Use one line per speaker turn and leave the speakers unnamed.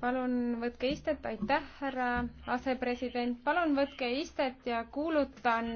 palun võtke istet, aitäh, härra asepresident, palun võtke istet ja kuulutan